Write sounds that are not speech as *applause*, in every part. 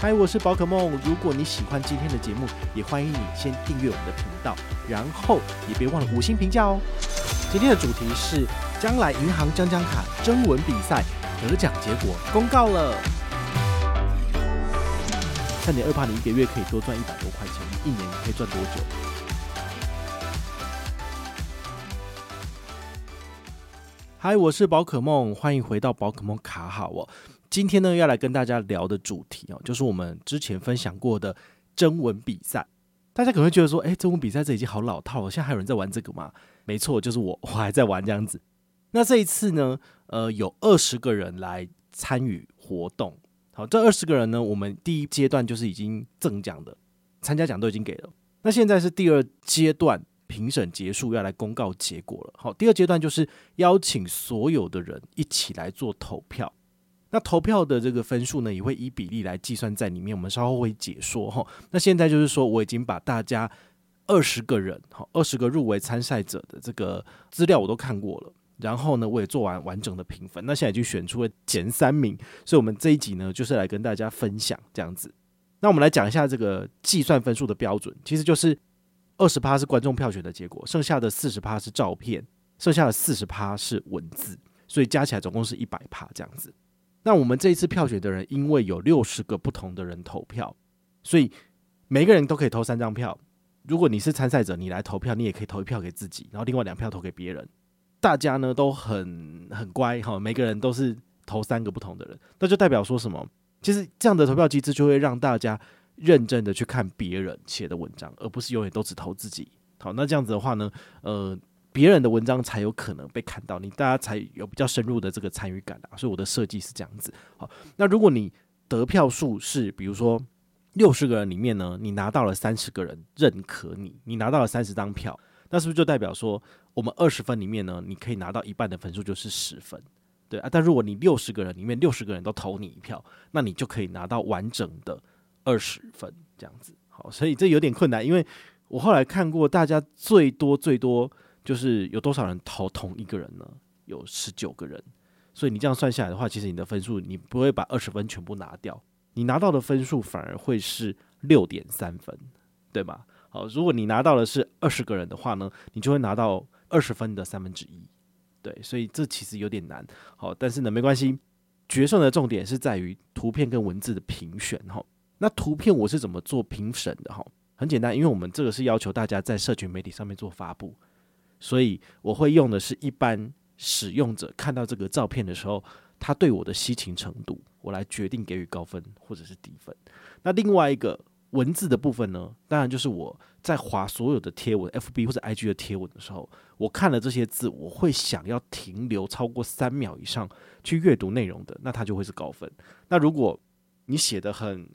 嗨，我是寶可孟。如果你喜歡今天的節目，也歡迎你先訂閱我們的頻道，然後也別忘了五星評價哦。今天的主題是將來銀行將將卡徵文比賽得獎結果公告了。三點二八，你一個月可以多賺一百多塊錢，一年你可以賺多久？嗨，我是寶可孟，歡迎回到寶可孟卡好哦。今天呢，要來跟大家聊的主題啊、哦，就是我們之前分享過的徵文比賽。大家可能會覺得說，誒、欸，徵文比賽這已經好老套了，現在還有人在玩這個嗎？沒錯，就是我，我還在玩這樣子。那這一次呢，呃，有二十個人來參與活動。好，這二十個人呢，我們第一階段就是已經贈獎的，參加獎都已經給了。那現在是第二階段評審結束，要來公告結果了。好，第二階段就是邀請所有的人一起來做投票。那投票的這個分數呢，也會以比例來計算在裡面。我們稍後會解說哈。那現在就是說，我已經把大家二十個人哈，二十個入圍參賽者的這個資料我都看過了，然後呢，我也做完完整的評分。那現在已經選出了前三名，所以我們這一集呢，就是來跟大家分享這樣子。那我們來講一下這個計算分數的標準，其實就是二十趴是觀眾票選的結果，剩下的四十趴是照片，剩下的四十趴是文字，所以加起來總共是一百趴這樣子。那我們這一次票選的人，因為有六十個不同的人投票，所以每個人都可以投三張票。如果你是參賽者，你來投票，你也可以投一票給自己，然後另外兩票投給別人。大家呢都很很乖哈，每個人都是投三個不同的人。那就代表說什麼？其實這樣的投票機制就會讓大家認真的去看別人寫的文章，而不是永遠都只投自己。好，那這樣子的話呢，呃。別人的文章才有可能被看到你，你大家才有比較深入的這個參與感啊，所以我的設計是這樣子。好，那如果你得票數是比如說六十個人裡面呢，你拿到了三十個人認可你，你拿到了三十張票，那是不是就代表說我們二十分裡面呢，你可以拿到一半的分數，就是十分？對啊，但如果你六十個人裡面六十個人都投你一票，那你就可以拿到完整的二十分這樣子。好，所以這有點困難，因為我後來看過大家最多最多。就是有多少人投同一個人呢？有十九個人，所以你這樣算下來的話，其實你的分數你不會把二十分全部拿掉，你拿到的分數反而會是六點三分，對吧？好，如果你拿到的是二十個人的話呢，你就會拿到二十分的三分之一，對，所以這其實有點難。好，但是呢，沒關係，決勝的重點是在於圖片跟文字的評選哈。那圖片我是怎麼做評審的哈？很簡單，因為我們這個是要求大家在社群媒體上面做發布。所以我會用的是一般使用者看到這個照片的時候，他對我的吸睛程度，我來決定給予高分或者是低分。那另外一個文字的部分呢？當然就是我在划所有的貼文，FB 或者 IG 的貼文的時候，我看了這些字，我會想要停留超過三秒以上去閱讀內容的，那它就會是高分。那如果你寫得很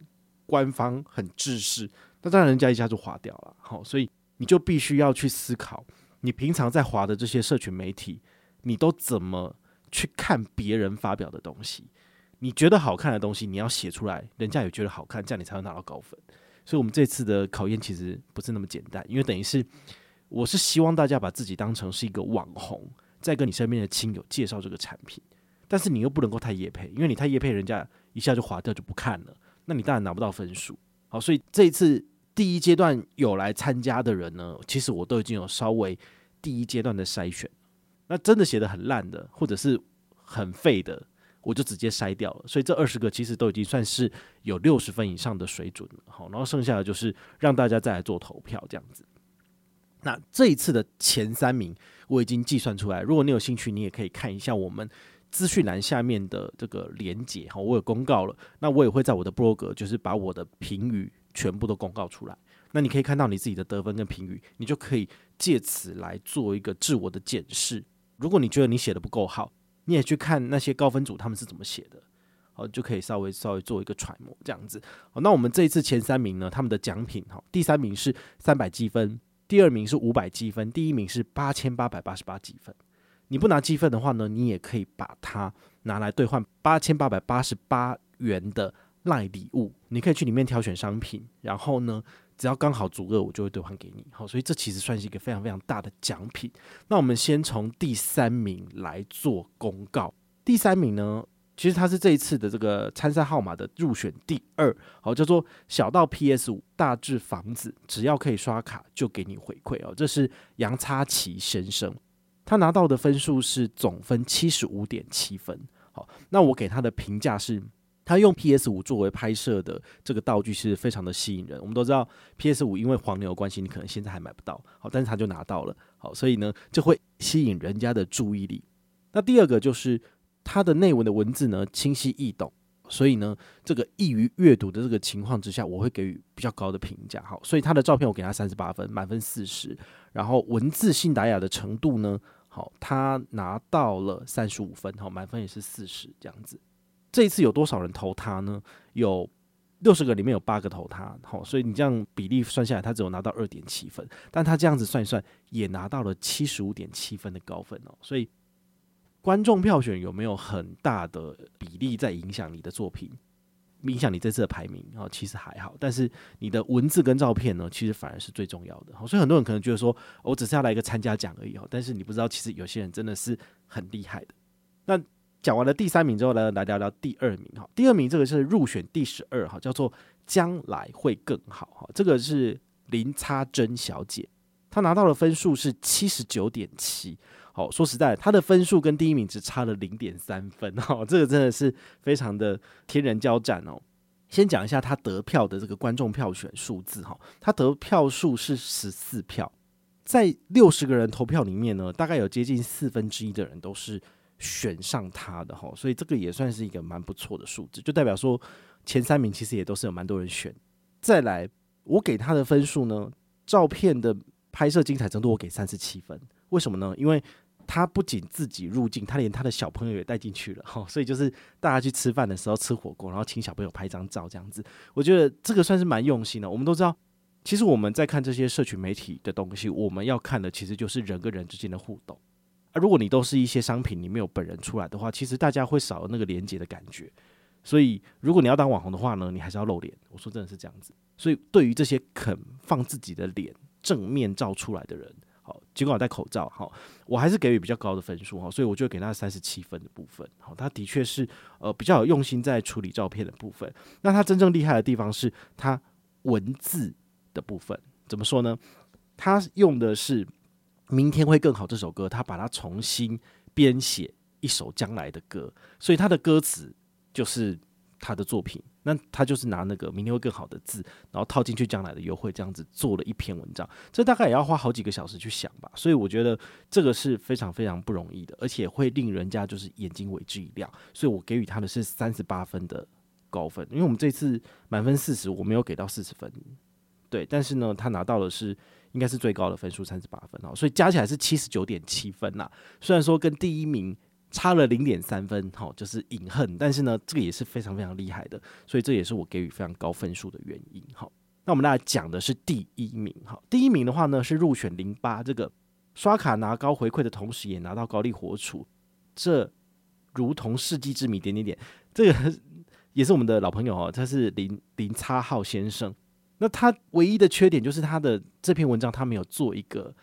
官方、很制式，那當然人家一下就劃掉了。好、哦，所以你就必須要去思考。你平常在滑的這些社群媒體，你都怎麼去看別人發表的東西？你覺得好看的東西，你要寫出來，人家也覺得好看，這樣你才能拿到高分。所以，我們這次的考驗其實不是那麼簡單，因為等於是我是希望大家把自己當成是一個網紅，在跟你身邊的親友介紹這個產品，但是你又不能夠太業配，因為你太業配，人家一下就劃掉就不看了，那你當然拿不到分數。好，所以這一次。第一階段有來參加的人呢，其實我都已經有稍微第一階段的篩選。那真的寫得很爛的，或者是很廢的，我就直接篩掉了。所以這二十個其實都已經算是有六十分以上的水準了。好，然後剩下的就是讓大家再來做投票這樣子。那這一次的前三名我已經計算出來，如果你有興趣，你也可以看一下我們資訊欄下面的這個連結哈，我有公告了。那我也會在我的 blog 就是把我的評語全部都公告出來，那你可以看到你自己的得分跟評語，你就可以借此來做一個自我的檢視。如果你覺得你寫的不夠好，你也去看那些高分組他們是怎麼寫的，好，就可以稍微稍微做一個揣摩這樣子。好，那我們這一次前三名呢，他們的獎品哈、哦，第三名是三百積分，第二名是五百積分，第一名是八千八百八十八積分。你不拿積分的話呢，你也可以把它拿來兌換八千八百八十八元的 LINE 禮物，你可以去裡面挑選商品，然後呢，只要剛好足額，我就會兌換給你。好、哦，所以這其實算是一個非常非常大的獎品。那我們先從第三名來做公告。第三名呢，其實他是這一次的這個參賽號碼的入選第二。好、哦，叫做小到 PS 五，大至房子，只要可以刷卡就給你回饋哦，這是楊叉齊先生，他拿到的分數是總分七十五點七分。好、哦，那我給他的評價是。他用 PS 五作為拍攝的這個道具，是非常的吸引人。我們都知道 PS 五因為黃牛的關係，你可能現在還買不到，好，但是他就拿到了，好，所以呢，就會吸引人家的注意力。那第二個就是它的內文的文字呢，清晰易懂，所以呢，這個易於閱讀的這個情況之下，我會給予比較高的評價。好，所以他的照片我給他三十八分，滿分四十，然後文字信達雅的程度呢，好，他拿到了三十五分，好，滿分也是四十，這樣子。這一次有多少人投他呢？有六十個，裡面有八個投他，好，所以你這樣比例算下來，他只有拿到二點七分，但他這樣子算一算，也拿到了七十五點七分的高分哦。所以觀眾票選有沒有很大的比例在影響你的作品，影響你這次的排名啊？其實還好，但是你的文字跟照片呢，其實反而是最重要的。好，所以很多人可能覺得說，哦，我只是要來一個參加獎而已哦，但是你不知道，其實有些人真的是很厲害的。那講完了第三名之後呢，來聊聊第二名哈。第二名這個是入選第十二哈，叫做“將來會更好”哈。這個是林叉貞小姐，她拿到的分數是七十九點七。好，說實在，她的分數跟第一名只差了零點三分哈。這個真的是非常的天人交戰哦。先講一下她得票的這個觀眾票選數字哈，她得票數是十四票，在六十個人投票裡面呢，大概有接近四分之一的人都是。選上他的哈，所以這個也算是一個蠻不錯的數字，就代表說前三名其實也都是有蠻多人選。再來，我給他的分數呢，照片的拍攝精彩程度我給三十七分，為什麼呢？因為他不僅自己入鏡，他連他的小朋友也帶進去了哈，所以就是大家去吃飯的時候吃火鍋，然後請小朋友拍張照這樣子，我覺得這個算是蠻用心的。我們都知道，其實我們在看這些社群媒體的東西，我們要看的其實就是人跟人之間的互動。啊，如果你都是一些商品，你沒有本人出來的話，其實大家會少了那個連結的感覺。所以，如果你要當網紅的話呢，你還是要露臉。我說真的是這樣子。所以，對於這些肯放自己的臉正面照出來的人，好，儘管我戴口罩，好，我還是給予比較高的分數，好，所以我就給他三十七分的部分。好，他的確是呃比較有用心在處理照片的部分。那他真正厲害的地方是，他文字的部分怎麼說呢？他用的是。明天會更好這首歌，他把它重新編寫一首將來的歌，所以他的歌詞就是他的作品。那他就是拿那個“明天會更好”的字，然後套進去將來的優惠這樣子做了一篇文章。這大概也要花好幾個小時去想吧。所以我覺得這個是非常非常不容易的，而且會令人家就是眼睛為之一亮。所以我給予他的是三十八分的高分，因為我們這次滿分四十，我沒有給到四十分。對，但是呢，他拿到的是。應該是最高的分數，三十八分哦，所以加起來是七十九點七分、啊、雖然說跟第一名差了零點三分，哈，就是飲恨，但是呢，這個也是非常非常厲害的，所以這也是我給予非常高分數的原因，哈。那我們來講的是第一名，哈，第一名的話呢是入選零八這個刷卡拿高回饋的同時，也拿到高利活儲，這如同世紀之謎，點點點，這個也是我們的老朋友哦，他是林林叉皓先生。那他唯一的缺點就是他的這篇文章，他沒有做一個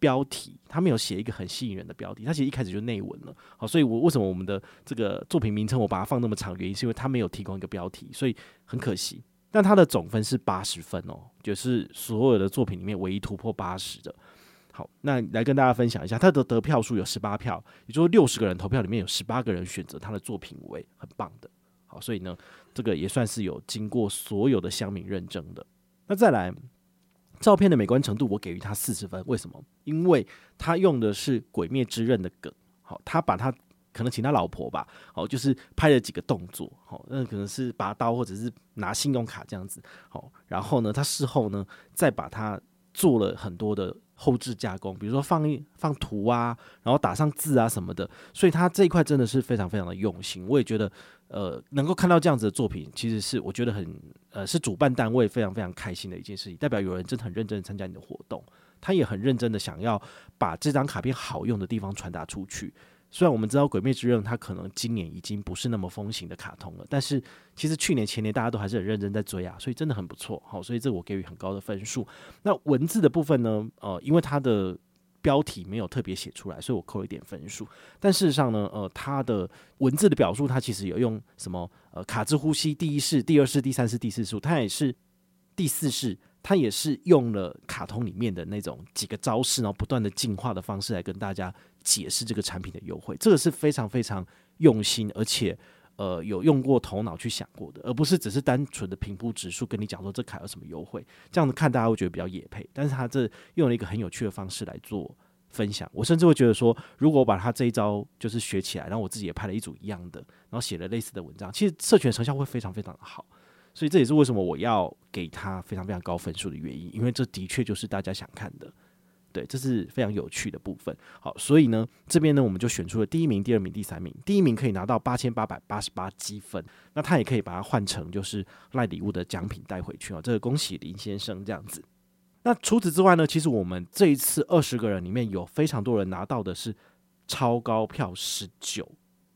標題，他沒有寫一個很吸引人的標題，他其實一開始就內文了。好，所以，我為什麼我們的這個作品名稱我把它放那麼長？原因是因為他沒有提供一個標題，所以很可惜。但他的總分是八十分哦，就是所有的作品裡面唯一突破八十的。好，那來跟大家分享一下，他的得票數有十八票，也就是六十個人投票裡面有十八個人選擇他的作品為很棒的。所以呢，這個也算是有經過所有的鄉民認證的。那再來，照片的美觀程度，我給予他四十分。為什麼？因為他用的是《鬼滅之刃》的梗。好，他把他可能請他老婆吧。好，就是拍了幾個動作。好，那可能是拔刀或者是拿信用卡這樣子。好，然後呢，他事後呢，再把他。做了很多的後置加工，比如說放一放圖啊，然後打上字啊什麼的，所以他這一塊真的是非常非常的用心。我也覺得，呃，能夠看到這樣子的作品，其實是我覺得很，呃，是主辦單位非常非常開心的一件事情，代表有人真的很認真的參加你的活動，他也很認真的想要把這張卡片好用的地方傳達出去。雖然我們知道《鬼滅之刃》它可能今年已經不是那麼風行的卡通了，但是其實去年前年大家都還是很認真在追啊，所以真的很不錯，好，所以這我給予很高的分數。那文字的部分呢？呃，因為它的標題沒有特別寫出來，所以我扣了一點分數。但事實上呢，呃，它的文字的表述，它其實有用什麼？呃，卡之呼吸第一式、第二式、第三式、第四式，它也是第四式。他也是用了卡通裡面的那種幾個招式，然後不斷的進化的方式來跟大家解釋這個產品的優惠，這個是非常非常用心，而且呃有用過頭腦去想過的，而不是只是單純的平鋪直敘，跟你講說這卡有什麼優惠，這樣子看大家會覺得比較野配，但是他這用了一個很有趣的方式來做分享，我甚至會覺得說，如果我把他這一招就是學起來，然後我自己也拍了一組一樣的，然後寫了類似的文章，其實社群成效會非常非常的好。所以這也是為什麼我要給他非常非常高分數的原因，因為這的確就是大家想看的，對，這是非常有趣的部分。好，所以呢，這邊呢，我們就選出了第一名、第二名、第三名。第一名可以拿到八千八百八十八積分，那他也可以把它換成就是 LINE 禮物的獎品帶回去哦，這個恭喜林先生這樣子。那除此之外呢，其實我們這一次二十個人裡面有非常多人拿到的是超高票十九。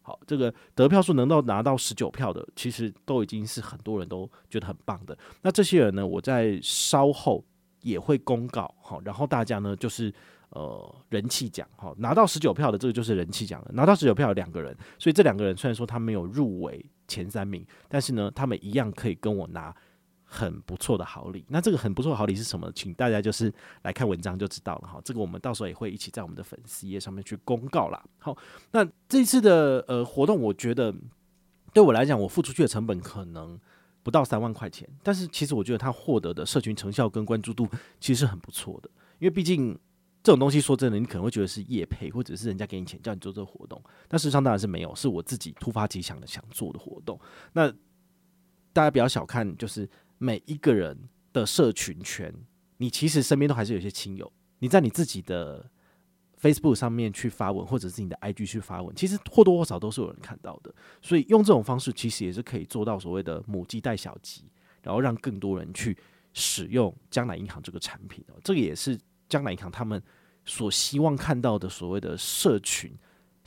好，這個得票數能夠拿到十九票的，其實都已經是很多人都覺得很棒的。那這些人呢，我在稍後也會公告好，然後大家呢，就是呃人氣獎哈，拿到十九票的這個就是人氣獎了。拿到十九票的兩個人，所以這兩個人雖然說他沒有入圍前三名，但是呢，他們一樣可以跟我拿。很不錯的好禮，那這個很不錯的好禮是什麼？請大家就是來看文章就知道了哈。這個我們到時候也會一起在我們的粉絲頁上面去公告啦。好，那這次的呃活動，我覺得對我來講，我付出去的成本可能不到三萬塊錢，但是其實我覺得他獲得的社群成效跟關注度其實是很不錯的。因為畢竟這種東西，說真的，你可能會覺得是業配或者是人家給你錢叫你做這個活動，但事實上當然是沒有，是我自己突發奇想的想做的活動。那大家不要小看，就是。每一個人的社群圈，你其實身邊都還是有些親友，你在你自己的 Facebook 上面去發文，或者是你的 IG 去發文，其實或多或少都是有人看到的。所以用這種方式，其實也是可以做到所謂的母雞帶小雞，然後讓更多人去使用將來銀行這個產品哦，這個也是將來銀行他們所希望看到的所謂的社群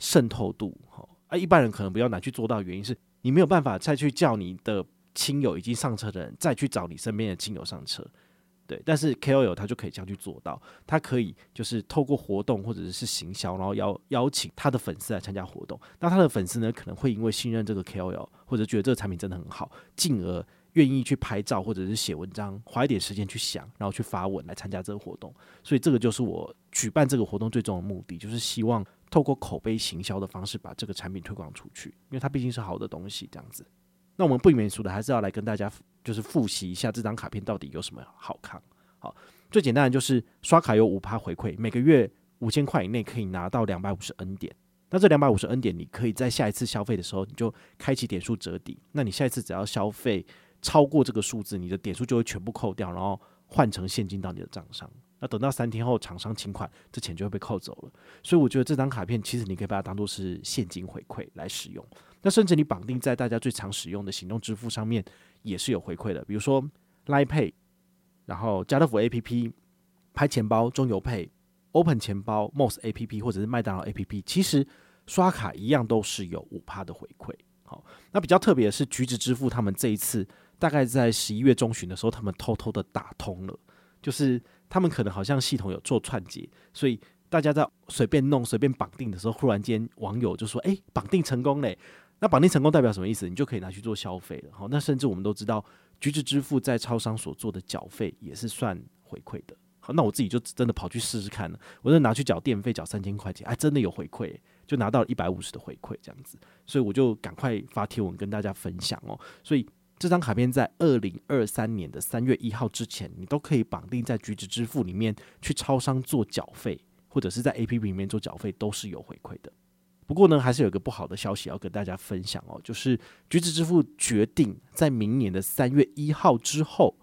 滲透度哈，哦，啊，一般人可能比較難去做到，原因是你沒有辦法再去叫你的。親友已經上車的人，再去找你身邊的親友上車，對。但是 KOL 他就可以這樣去做到，他可以就是透過活動或者是行銷，然後邀邀請他的粉絲來參加活動。那他的粉絲呢，可能會因為信任這個 KOL，或者覺得這個產品真的很好，進而願意去拍照或者是寫文章，花一點時間去想，然後去發文來參加這個活動。所以這個就是我舉辦這個活動最終的目的，就是希望透過口碑行銷的方式把這個產品推廣出去，因為它畢竟是好的東西，這樣子。那我們不免俗的還是要來跟大家就是複習一下這張卡片到底有什麼好康？好，最簡單的就是刷卡有五趴回饋，每個月五千塊以內可以拿到兩百五十 N 點。那這兩百五十 N 點，你可以在下一次消費的時候，你就開啟點數折抵。那你下一次只要消費超過這個數字，你的點數就會全部扣掉，然後換成現金到你的賬上。那等到三天後廠商請款，這錢就會被扣走了。所以我覺得這張卡片其實你可以把它當做是現金回饋來使用。那甚至你綁定在大家最常使用的行動支付上面也是有回饋的，比如說 LINE Pay，然後家樂福 A P P、拍錢包、中油 Pay、Open 錢包、MOS A P P 或者是麥當勞 A P P，其實刷卡一樣都是有五趴的回饋。好，那比較特別的是，橘子支付他們這一次大概在十一月中旬的時候，他們偷偷的打通了，就是他們可能好像系統有做串接，所以大家在隨便弄、隨便綁定的時候，忽然間網友就說：“哎、欸，綁定成功嘞！”那綁定成功代表什麼意思？你就可以拿去做消費了。好、哦，那甚至我們都知道，橘子支付在超商所做的繳費也是算回饋的。好，那我自己就真的跑去試試看了，我就拿去繳電費，繳三千塊錢，還、哎、真的有回饋，就拿到了一百五十的回饋這樣子。所以我就趕快發貼文跟大家分享哦。所以這張卡片在二零二三年的三月一號之前，你都可以綁定在橘子支付裡面去超商做繳費，或者是在 APP 裡面做繳費，都是有回饋的。不過呢，還是有一個不好的消息要跟大家分享哦，就是橘子支付決定在明年的三月一號之後，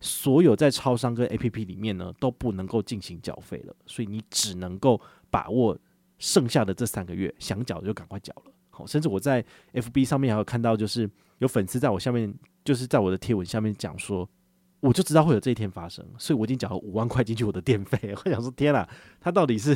所有在超商跟 APP 裡面呢都不能夠進行繳費了，所以你只能夠把握剩下的這三個月，想繳就趕快繳了。好，甚至我在 FB 上面還有看到，就是有粉絲在我下面，就是在我的貼文下面講說，我就知道會有這一天發生，所以我已經繳了五萬塊進去我的電費。我想說，天啊，他到底是？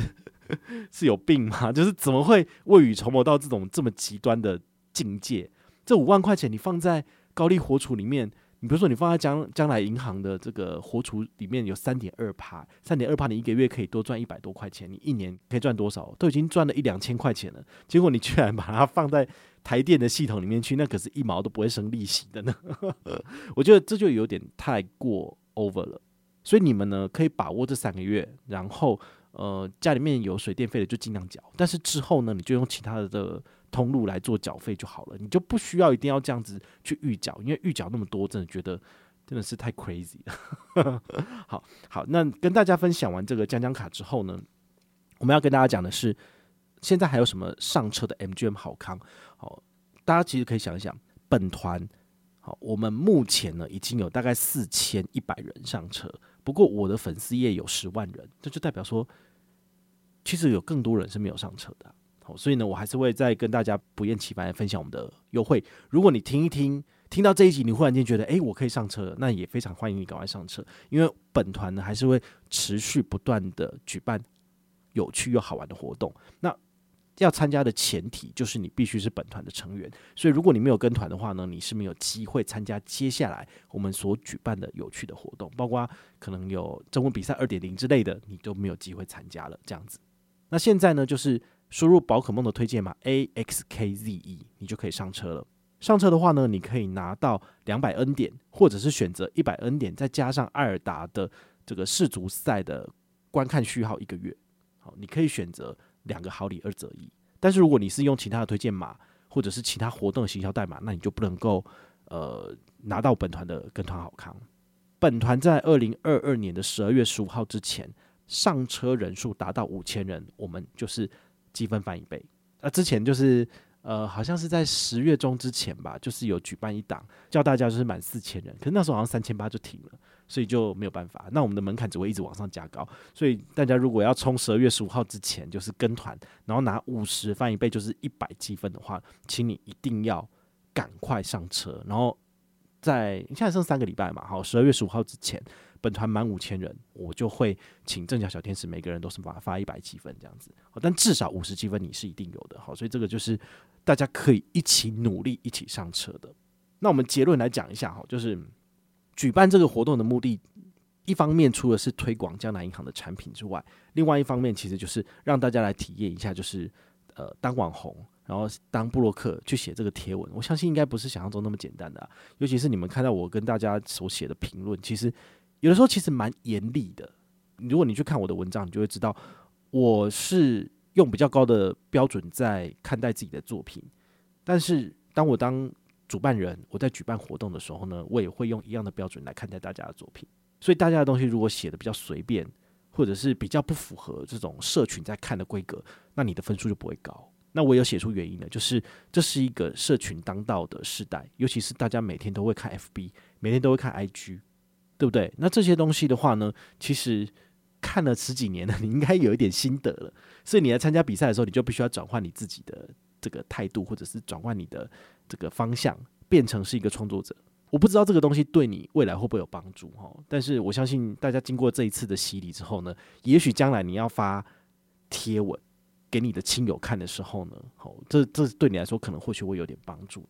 *laughs* 是有病嗎？就是怎麼會未雨綢繆到這種這麼極端的境界？這五萬塊錢你放在高利活儲裡面，你比如說你放在將將來銀行的這個活儲裡面有三點二趴，三點二趴你一個月可以多賺一百多塊錢，你一年可以賺多少？都已經賺了一兩千塊錢了，結果你居然把它放在台電的系統裡面去，那可是一毛都不會生利息的呢。 *laughs* 我覺得這就有點太過 over 了。所以你們呢，可以把握這三個月，然後。呃，家裡面有水電費的就盡量繳，但是之後呢，你就用其他的這個通路來做繳費就好了，你就不需要一定要這樣子去預繳，因為預繳那麼多，真的覺得真的是太 crazy 了。 *laughs* 好好，那跟大家分享完這個將將卡之後呢，我們要跟大家講的是，現在還有什麼上車的 MGM 好康？好、哦，大家其實可以想一想，本團好、哦，我們目前呢已經有大概四千一百人上車，不過我的粉絲頁有十萬人，這就代表說。其實有更多人是沒有上車的，好、哦，所以呢，我還是會再跟大家不厭其煩分享我們的優惠。如果你聽一聽，聽到這一集，你忽然間覺得，哎，我可以上車，那也非常歡迎你趕快上車。因為本團呢，還是會持續不斷的舉辦有趣又好玩的活動。那要參加的前提就是你必須是本團的成員。所以如果你沒有跟團的話呢，你是沒有機會參加接下來我們所舉辦的有趣的活動，包括可能有徵文比賽二點零之類的，你都沒有機會參加了。這樣子。那現在呢，就是輸入寶可孟的推薦碼 A X K Z E，你就可以上車了。上車的話呢，你可以拿到兩百 N 點，或者是選擇一百 N 點，再加上愛爾達的這個世足賽的觀看序號一個月。好，你可以選擇兩個好禮二擇一。但是如果你是用其他的推薦碼或者是其他活動的行銷代碼，那你就不能夠呃拿到本團的跟團好康。本團在二零二二年的十二月十五號之前。上車人數達到五千人，我們就是積分翻一倍。那、啊、之前就是呃，好像是在十月中之前吧，就是有舉辦一檔，叫大家就是滿四千人，可是那時候好像三千八就停了，所以就沒有辦法。那我們的門檻只會一直往上加高，所以大家如果要衝十二月十五號之前就是跟團，然後拿五十翻一倍就是一百積分的話，請你一定要趕快上車，然後在現在剩三個禮拜嘛，好，十二月十五號之前。本團滿五千人，我就會請正角小、小天使，每個人都是把它發一百積分這樣子。但至少五十積分你是一定有的，好，所以這個就是大家可以一起努力、一起上車的。那我們結論來講一下哈，就是舉辦這個活動的目的，一方面除了是推廣將來銀行的產品之外，另外一方面其實就是讓大家來體驗一下，就是呃當網紅，然後當部落客去寫這個貼文。我相信應該不是想象中那麼簡單的啊，尤其是你們看到我跟大家所寫的評論，其實。有的時候其實蠻嚴厲的。如果你去看我的文章，你就會知道我是用比較高的標準在看待自己的作品。但是當我當主辦人，我在舉辦活動的時候呢，我也會用一樣的標準來看待大家的作品。所以大家的東西如果寫的比較隨便，或者是比較不符合這種社群在看的規格，那你的分數就不會高。那我有寫出原因的，就是這是一個社群當道的時代，尤其是大家每天都會看 FB，每天都會看 IG。對不對？那這些東西的話呢，其實看了十幾年了，你應該有一點心得了。所以你來參加比賽的時候，你就必須要轉換你自己的這個態度，或者是轉換你的這個方向，變成是一個創作者。我不知道這個東西對你未來會不會有幫助哈，但是我相信大家經過這一次的洗禮之後呢，也許將來你要發貼文給你的親友看的時候呢，好，這這對你來說可能或許會有點幫助。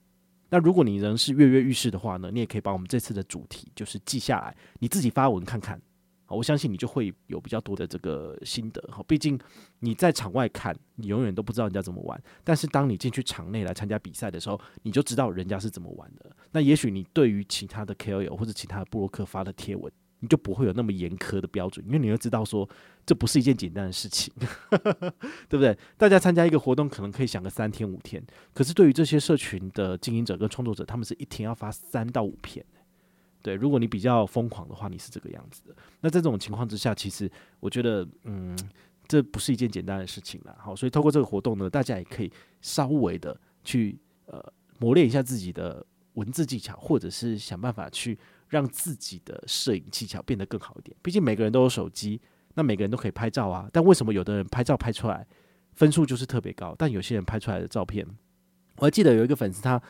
那如果你仍是躍躍欲試的話呢，你也可以把我們這次的主題就是記下來，你自己發文看看。好，我相信你就會有比較多的這個心得哈。畢竟你在場外看，你永遠都不知道人家怎麼玩；但是當你進去場內來參加比賽的時候，你就知道人家是怎麼玩的。那也許你對於其他的 KOL 或者其他的布洛克發的貼文。你就不會有那麼嚴苛的標準，因為你會知道說這不是一件簡單的事情，呵呵呵對不對？大家參加一個活動，可能可以想個三天五天，可是對於這些社群的經營者跟創作者，他們是一天要發三到五篇。對，如果你比較瘋狂的話，你是這個樣子的。那在這種情況之下，其實我覺得，嗯，這不是一件簡單的事情啦。好，所以透過這個活動呢，大家也可以稍微的去呃磨練一下自己的文字技巧，或者是想辦法去。讓自己的攝影技巧變得更好一點。畢竟每個人都有手機，那每個人都可以拍照啊。但為什麼有的人拍照拍出來分數就是特別高？但有些人拍出來的照片，我還記得有一個粉絲，他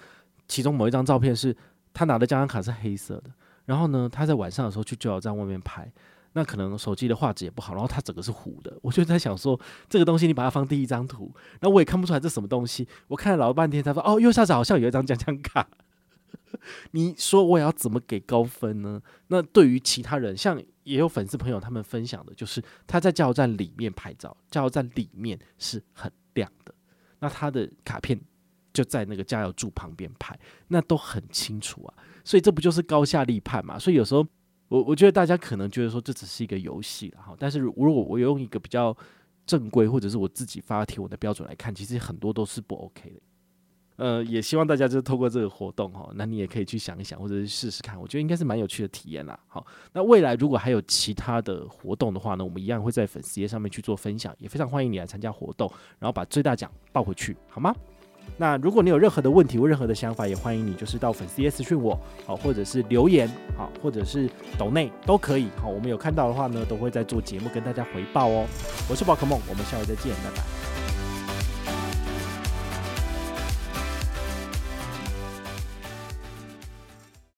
其中某一張照片是他拿的這張卡是黑色的。然後呢，他在晚上的時候去加油站外面拍，那可能手機的畫質也不好，然後他整個是糊的。我就在想說，這個東西你把它放第一張圖，那我也看不出來這什麼東西。我看了老半天，他說：“哦，右下角好像有一張將將卡。”你說我要怎麼給高分呢？那對於其他人，像也有粉絲朋友他們分享的，就是他在加油站裡面拍照，加油站裡面是很亮的，那他的卡片就在那個加油柱旁邊拍，那都很清楚啊。所以這不就是高下立判嘛？所以有時候我我覺得大家可能覺得說，這只是一個遊戲，然但是如果我用一個比較正規或者是我自己發帖文的標準來看，其實很多都是不 OK 的。呃，也希望大家就是透過這個活動哈，那你也可以去想一想，或者是試試看，我覺得應該是蠻有趣的體驗啦。好，那未來如果還有其他的活動的話呢，我們一樣會在粉絲頁上面去做分享，也非常歡迎你來參加活動，然後把最大獎抱回去，好嗎？那如果你有任何的問題或任何的想法，也歡迎你就是到粉絲頁私訊我，好，或者是留言，好，或者是抖內都可以。好，我們有看到的話呢，都會在做節目跟大家回報哦。我是寶可孟，我們下回再見，拜拜。